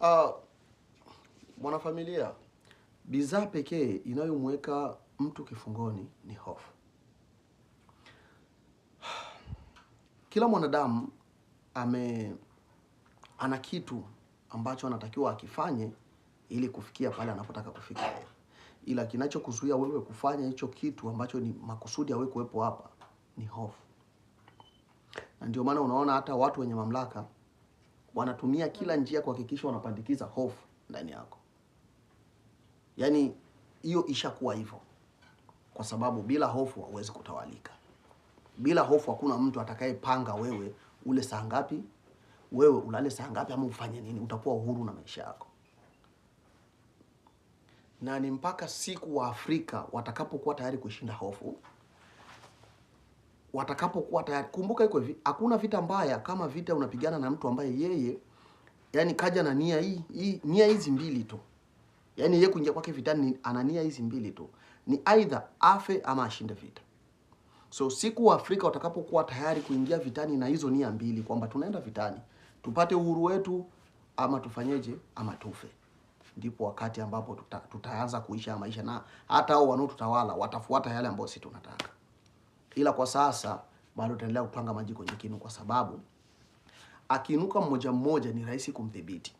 Uh, mwanafamilia, bidhaa pekee inayomweka mtu kifungoni ni hofu. Kila mwanadamu ame ana kitu ambacho anatakiwa akifanye ili kufikia pale anapotaka kufika ila kinachokuzuia wewe kufanya hicho kitu ambacho ni makusudi ya wewe kuwepo hapa ni hofu, na ndio maana unaona hata watu wenye mamlaka wanatumia kila mm. njia kuhakikisha wanapandikiza hofu ndani yako. Yaani hiyo ishakuwa hivyo, kwa sababu bila hofu hauwezi kutawalika. Bila hofu hakuna mtu atakayepanga wewe ule saa ngapi, wewe ulale saa ngapi, ama ufanye nini. Utakuwa uhuru na maisha yako, na ni mpaka siku wa Afrika watakapokuwa tayari kushinda hofu watakapokuwa tayari. Kumbuka iko hivi, hakuna vita mbaya kama vita unapigana na mtu ambaye yeye yani kaja na nia hii hii, nia hizi mbili tu, yani yeye kuingia kwake vitani ana nia hizi mbili tu, ni either afe ama ashinde vita. So siku wa Afrika watakapokuwa tayari kuingia vitani na hizo nia mbili, kwamba tunaenda vitani tupate uhuru wetu ama tufanyeje ama tufe, ndipo wakati ambapo tuta, tutaanza kuisha maisha na hata hao wanaotutawala watafuata yale ambayo sisi tunataka ila kwa sasa bado tutaendelea kupanga maji kwenye kwa sababu akiinuka mmoja mmoja ni rahisi kumdhibiti.